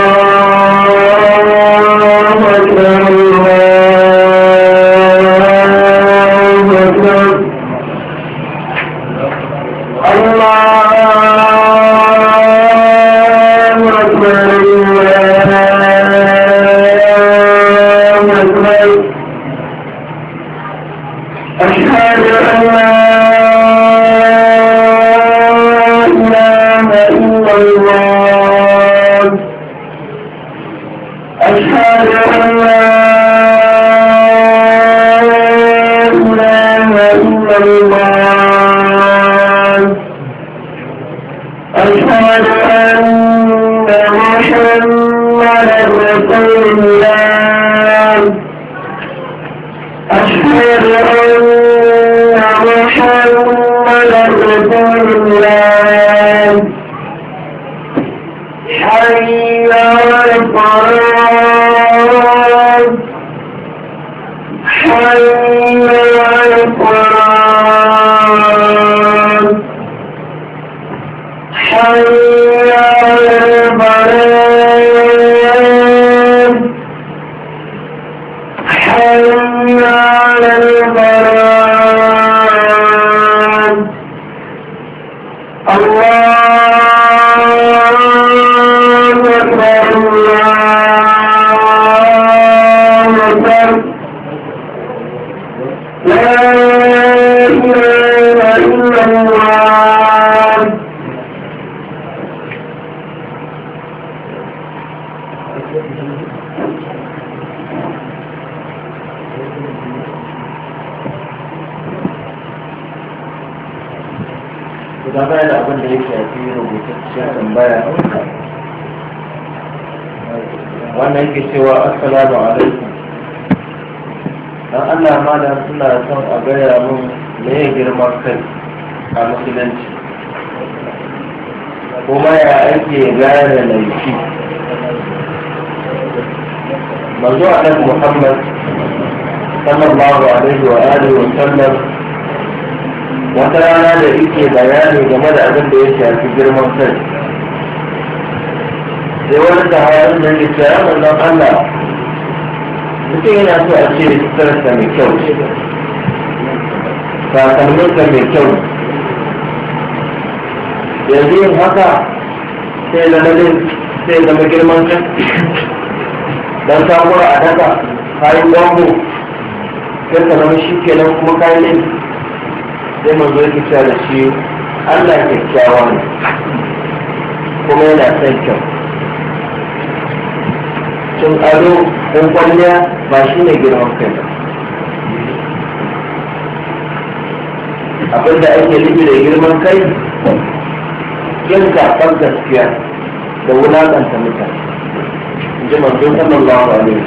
S4: أشهد أن محمدا رسول الله أشهد أن رسول الله
S1: كان لا يشيك
S2: مرجوع محمد
S1: صلى الله عليه وآله وسلم وترى أنا لقيت بيان جمال أبن بيش يعني في جرم السجن دول الدهار من الإسلام أنه قال لا بتيجي ناسو أشيري تترسى من كوش فتنمسى من كوش يزين هكا sai zama sai zama girman kai dan samuwa a daga kayan dango sai ka zama shi kenan kuma kayan din sai manzo yake cewa da shi Allah kyakkyawa ne kuma yana son kyau sun ado ɗan kwalliya ba shi ne girman kai ba abinda ake nufi da girman kai ƙin zaɓar gaskiya da wulaƙanta mutane in ji manzo sallallahu alaihi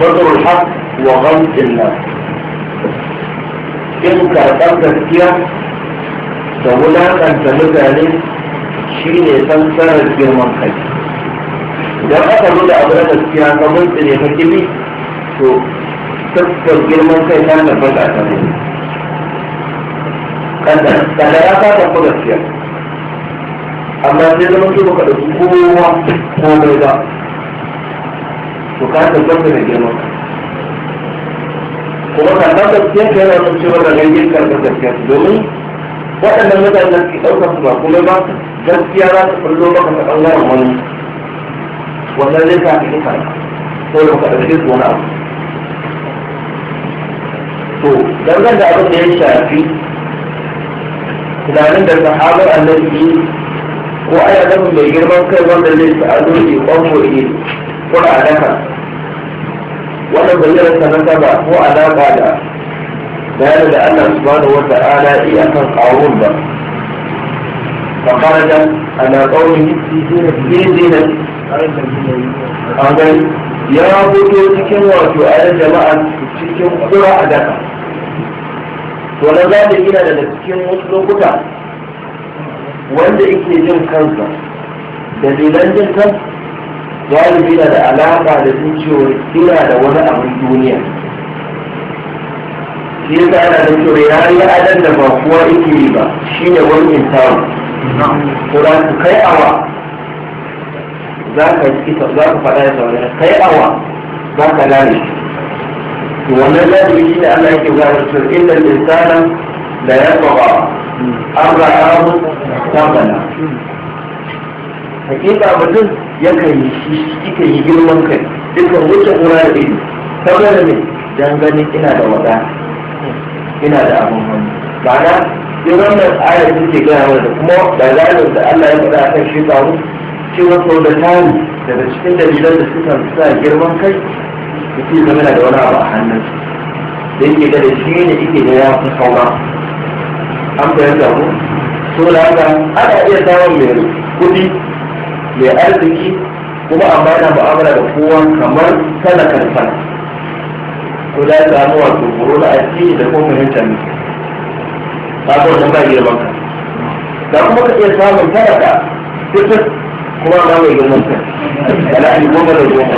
S1: bazarul haq wa ghamdin nas ƙin karɓar gaskiya da wulaƙanta mutane shine sansarar girman kai idan aka zo da abu na gaskiya ka tsire ka kibi to sassar girman kai ta kaddara kaddara ta kan kuma gaskiya amma sai zama su baka da kowa komai ba to ka tabbata da girman kuma ka ta gaskiya ka yana son cewa da ganyen karɓar gaskiya domin waɗannan mutane da ke ɗaukar su ba kuma ba gaskiya za ta fallo maka ta ɓangaren wani wannan zai ka fi karɓa ko da baka ɗauke su wani abu to dangane da abin da ya shafi tunanin da sahabar annabi yi ko ai adabu mai girman kai wanda zai ta azo ne ɓango ne ko da adaka wanda bayyana sanata ba ko alaƙa da bayan da Allah subhanahu wa ta'ala iya kan ƙawun ba fa kharaja ala qawmi yidina an ga ya buke cikin wato a ayyan jama'a cikin a adaka to na zahiri yana daga cikin wasu lokuta wanda yake jin kansa Da dalilan jin kansa galibi na da alaƙa da zuciyar ina da wani abin duniya shi yasa ana da cewa ya yi adan da ba kuwa yake yi ba shi ne wani insan to da ku kai awa za ka faɗa da sauran kai awa za ka lalace to wannan shi ne Allah yake ga shi inda insana la yatqa arra'ahu tabana hakika mutum yakan yi yake yi girman kai dukkan wuce ƙura da ido saboda me dan ganin ina da wada ina da abun hannu ba na yi wannan ayar suke gaya mana da kuma da zalim da Allah ya faɗa akan shi ba. tsaro cewa sau da tari daga cikin dalilan da suka sa girman kai mutum zama da wani abu a hannun da yake da shi ne yake da ya fi an fahimta ko so da haka ana iya samun mai kudi mai arziki kuma amma yana mu'amala da kowa kamar talakar sana ko da ya samu wato horo na addini da kuma fahimtar ne ba ko ba girman ka da kuma ka iya samun talaka fitar kuma ma mai girman kai ala an goma da goma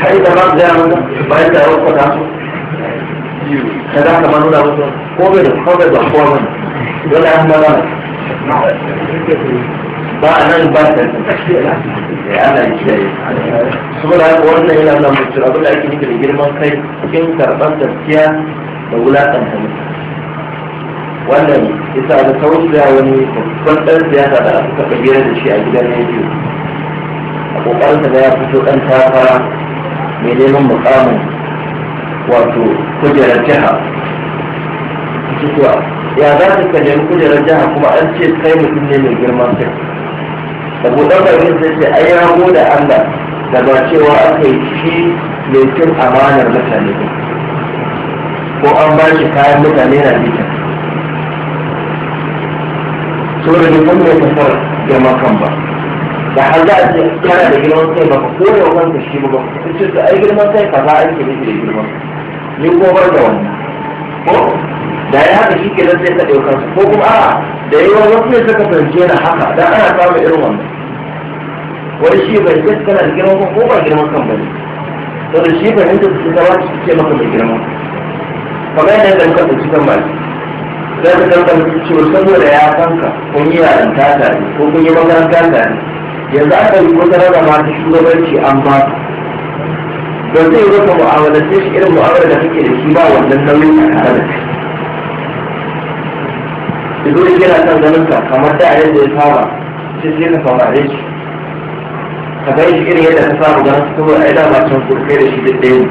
S1: kai da ba da yawa bayan da yawa kwata ka za ka ma nuna musu komai da komai ba komai dole an mara ba a nan ba ta ya ana kiyaye saboda haka wannan yana nuna mutum abin da ake nufi da girman kai cikin karɓar gaskiya da wulaƙanta mutum wannan isa da da wani babban ɗan siyasa da aka taɓa hira da shi a gidan rediyo a ƙoƙarinsa da ya fito ɗan takara mai neman mukamin wato kujerar jiha ya za ka kalli kujerar jiha kuma an ce kai mutum ne mai girman kai da buɗar da yin sai sai ai rago da allah da ba cewa aka yi shi mai cin amanar mutane ko an ba shi kayan mutane na jikin da ne wanda ya kasar girma kan ba da har za a ce kana da girman kai ba ko kore wa kanka shi ba ba ka ce da ai girman kai ka za a yi da girman ni ko bar da wannan ko da ya haka shi ke sai ka ɗaukar su ko kuma a'a da yawa wasu ne suka fahimci na haka dan ana samun irin wannan wani shi bai ce su kana da girman ba ko ba girman kan ba ne da shi fahimta su ta ba su ce maka mai girman kamar yadda ya ɗaukar da cikin baki sai ka ɗauka mutum cewa saboda ya san kun yi tata ne ko kun yi makaranta ne, yanzu aka yi wata rarraba ta shugabanci amma ba zai mu'amala sai shi irin mu'amala da kake da shi ba wannan nauyin a tare da shi yanzu yana son ganin ka kamar da yadda ya saba sai sai ka da shi ka gani shi irin yadda ka saba ganin su saboda ai dama can kurkai da shi duk ɗaya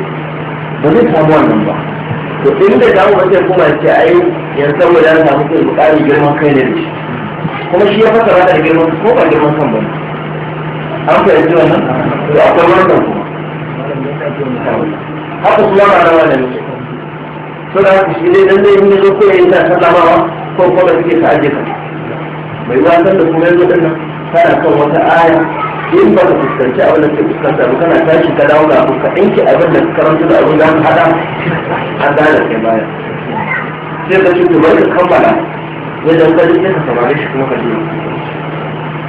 S1: ba zai samu wannan ba to inda damu wajen kuma ce ai yanzu saboda na samu kai bukari girman kai ne shi kuma shi ya fasa rata da girman ko ba girman kan ba an fahimci wannan to akwai wannan kuma haka kuma ba na wannan ne to da haka shi dai dan dai ne zo ko yayin da sallamawa ko kuma suke ta ajiye ka bai wasa da kuma yanzu dinnan tana kan wata aya in ba ka fuskanci abin da ka fuskanta ba kana tashi ka dawo ga abu ka ɗanki abin da karanta da abin da ka haɗa an gane kai baya sai ka cuta tuba ka kammala wajen gani sai ka samare shi kuma ka je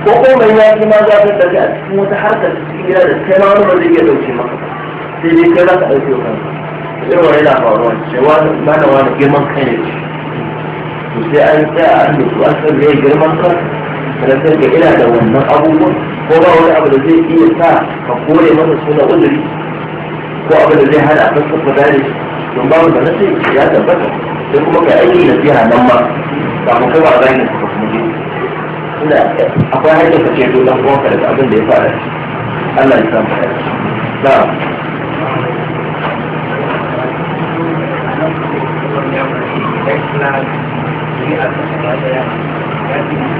S1: ko ko mai yaki ma za ka tafi a cikin wata harkar cikin gida da kai ma wani ba zai iya ɗauke maka sai dai kai za ka ɗauke wa kanka sai wani yana faruwa cewa ba da wani girman kai ne to sai an tsaya a da su an san me girman kanka da sai ka ina da wannan abubuwan ko ba wani abu da zai iya sa ka kore masa suna uzuri ko abu da zai hana a fuskar ku dare don babu na nasi ya tabbata sai kuma ka aiki da jiha nan ma ba mu kai ba a bayan ka kuma je ina akwai hanyar ka ceto dan uwanka daga abin da ya fara Allah ya samu ya
S3: na Thank you.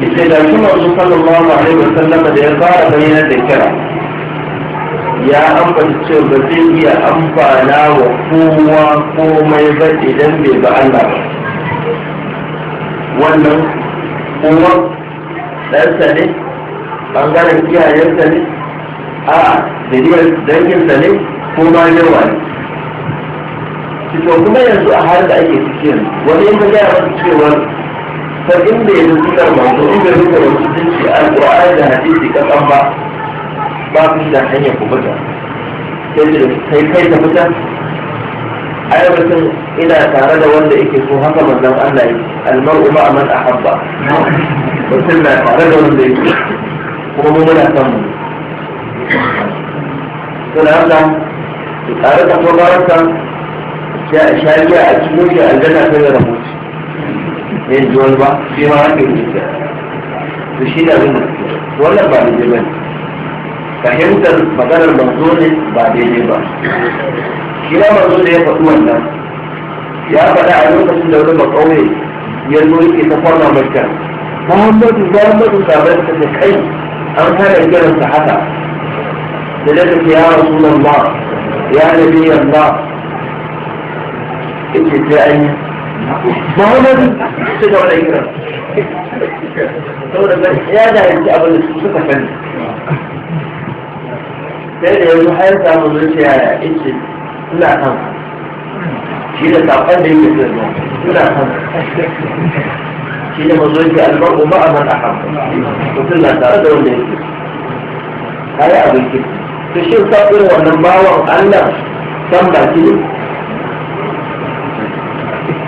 S1: yace da shi manzo sallallahu alaihi sallam da ya fara bayyana da kira ya ambata cewa ba zai iya amfana wa kowa komai ba idan bai ba Allah ba wannan kowa ɗansa ne ɓangaren iyayensa ne a zuriyar danginsa ne ko ma yawa ne to kuma yanzu a halin da ake cikin wani yin gaya wasu cewar فإن يذكر موضوع إذا ذكر وسجنسي القرآن لهديث كالأنبا ما في ساحن يكبتا تجلس كي كي تبتا أنا بس إلى تارد ولا إكسو هكا من لو أن المرء مع من أحبه بس إلى تارد ولا إكسو ومو من أتمنى سلام لا تارد أخبارك شارية أجلوك أجلنا في رموش ya ji wani ba shi ma haka yi ta to shi da abin da wannan ba daidai ba fahimtar maganar manzo ne ba daidai ba shi ma manzo da ya faɗi wannan ya faɗa a lokacin da wani makauye ya zo yake ta kwana makka muhammadu muhammadu sabai ta ce kai an kare kiransa haka da daga ya rasulullah ya nabi allah yake sai an yi ba wani su da wani kira saboda ya jayanci abin da su suka sani sai da yanzu har samu zuciya ya ce ina kan shi da saƙon da yake sirri ina kan shi da mazo yake albarku ba a man a mutum na tare da wanda yake kayi abin kirki su shi sa irin wannan bawan allah san baki ne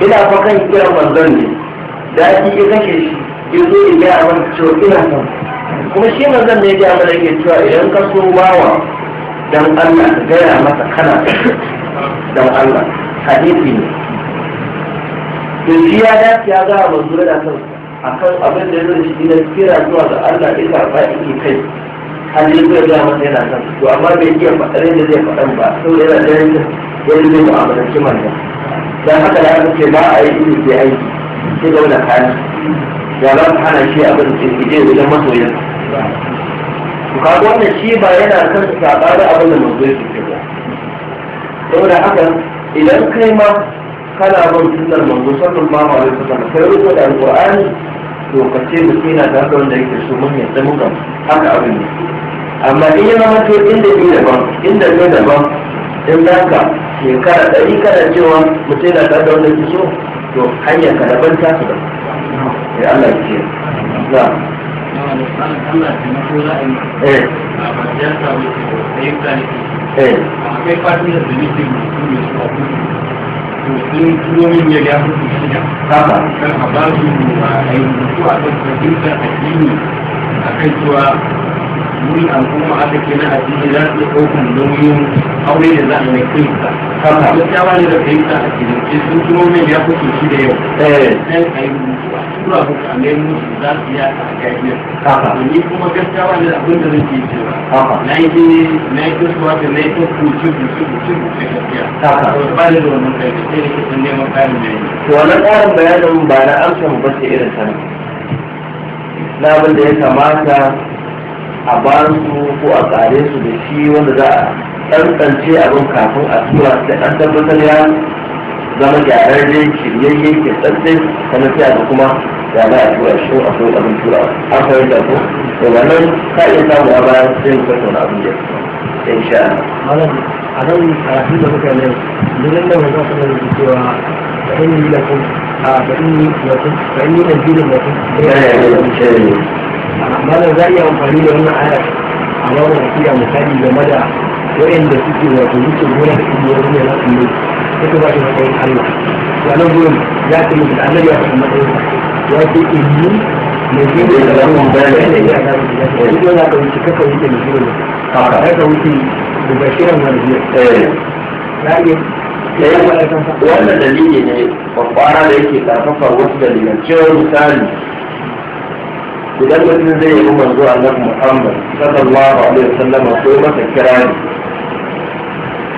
S1: ina fa kan kira manzon ne da ake ya kashe shi ya zo ya gaya mana cewa ina son kuma shi manzon ne ya gaya mana yake cewa idan ka so bawa dan Allah ka gaya masa kana dan Allah hadisi ne to shi ya dace ya ga manzon da kan akan abin da ya zo da shi na kira zuwa ga Allah ya karɓa yake kai har yi zai gaya masa yana son to amma bai iya faɗa da zai faɗan ba saboda yana da yankin yadda zai mu'amalanci manzon dan haka ya ce ba a yi ido sai aiki sai da wani kayan ya ba ka hana shi abin da ke je wajen masoyin ku kaga wannan shi ba yana son saba da abin da manzo ya ce ba saboda haka idan kai ma kana bin sunnar manzo sallallahu alaihi wasallam kai ruko da alqur'ani to ka ce mutum yana da haka wanda yake so mun yadda muka haka abin ne amma in ya zama to inda ni daban inda ni daban in za shekara ɗari kana cewa mutum yana tare da wanda ke so to hanya ka daban ta su da ya Allah ya ce za fatin
S2: da sun
S3: min ya ya a ba su a yi mutu a cewa wurin al'umma aka ke na addini za su ɗaukan nauyin aure da za a mai kai ta kama duk ya bani da kai ta a cikin ce sun kuma min ya kuke shi da yau eh.
S1: sai a yi mutu a tura ku k'a mai mutu za su yi a gajiyar kama ni kuma gaskiya ne da abin da zan ke ba. na yi ne na yi kusurwa da na yi ta kuce kuce kuce
S3: kuce gaskiya kama ba da wannan kai da sai da kisan neman ƙarin bayani. to
S1: wannan ƙarin bayanin ba na amsa ba ce irin sana na abin da ya kamata a ba ko a tsare su da shi wanda za a tsantsance abin kafin a tura da an tabbatar ya zama gyararre shiryayye ke tsantsai kuma sai a kuma ya za a tura shi a so abin tura ko to wannan ka iya samu a bayan sai mu abin da ya insha Allah a nan karatu da muka ne duk da mai zaka da cewa da da inni lakum da da malam za a iya amfani da wannan aya a babu wasiya misali game da waɗanda suke wato wuce gona
S3: da kuma wani yana tsalle suka ba shi matsayin Allah wannan gurin ya ce mutum da annabi ya faɗi matsayin sa ya ce inni ne da zama da ya da ya da ya da
S1: ya ka wuce kaka wuce ne haka ya ka wuce da bashiran wani biyu eh. ya yi wannan dalili ne babbara da yake karfafa wasu dalilan cewa misali idan mutum zai yi manzo annabi Muhammad sallallahu alaihi wasallam ko masa kirani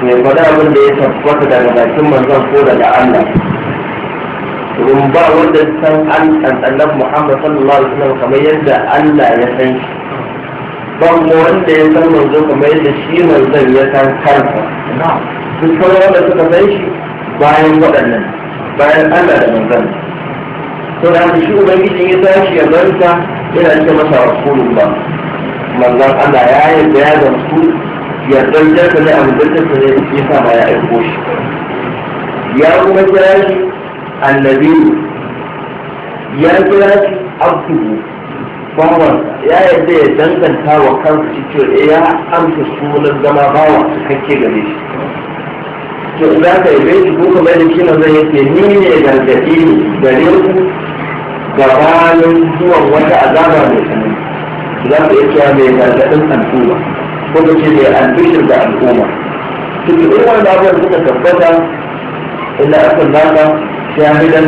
S1: ne faɗa abin da ya tabbata daga bakin manzon ko daga Allah domin ba wanda san an annabi Muhammad sallallahu alaihi wasallam kamar yadda Allah ya san shi ba kuma wanda ya san manzo kamar yadda shi manzon ya san kansa duk sauran wanda suka san shi bayan waɗannan bayan Allah da manzon to da haka shi ubangiji ya tashi ya zanta yana ce masa rasulun ba manzan Allah ya yarda ya gamsu yardar jarka ne abin da ta ne ya sa ma ya aiko shi ya kuma kira shi annabi ya kira shi abdu bawan ya yadda ya danganta wa kansa cewa eh, ya amsa sunan zama bawa su kake gare shi to za ka yi bai ko kuma da shi mazan yake ni ne gargaɗi gare ku gabanin zuwan wata azaba mai tsanani za ka iya cewa mai gargaɗin al'umma ko ka ce mai albishir da al'umma cikin irin wanda abubuwan suka tabbata illa akan naka shahidan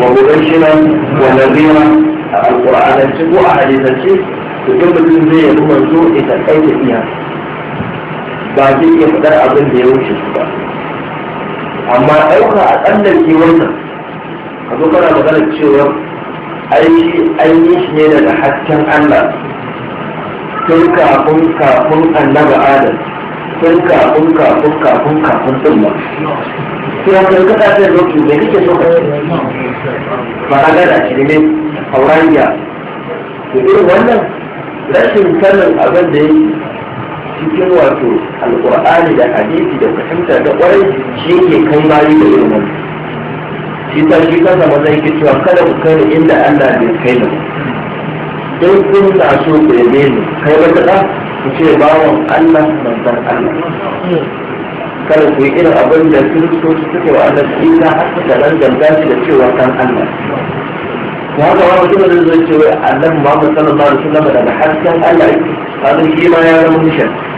S1: wa mubashiran wa nadira a alƙur'anance ko a hadisance to duk mutum zai yi manzo ita kai da iya ba zai iya faɗar abin da ya wuce su ba amma ɗauka a tsallan ke wannan ka zo kana magana cewa aiki an yi shi ne daga hasken Allah tun kafin kafin annaba Adam tun kafin kafin kafin kafin din ba sai an kai kada sai zo ki kake so ka ba a gada shi ne hauranya to irin wannan rashin sanin abin da yake cikin wato alkur'ani da hadisi da fahimta da kwarai shi ke kai bayi da yin wani shi ta shi kasa mazai zai ke cewa kada ku kai inda Allah bai kai da in kun ta so ku ne ni kai ta ku ce bawan Allah manzan Allah kada ku yi irin abin da kiristoci suke wa Allah shi na haka da ran gangashi da cewa kan Allah Ku haka ba mutum da zai ce wai annabi Muhammad sallallahu alaihi wasallam daga hasken Allah a kaga shi ma ya zama nishan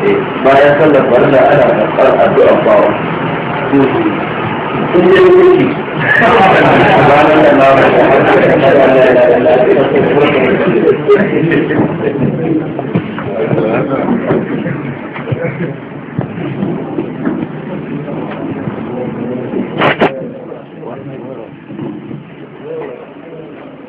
S1: Eh, bayan sallar farilla ana karɓar addu'a bawa in dai kuki ranar da na
S2: mai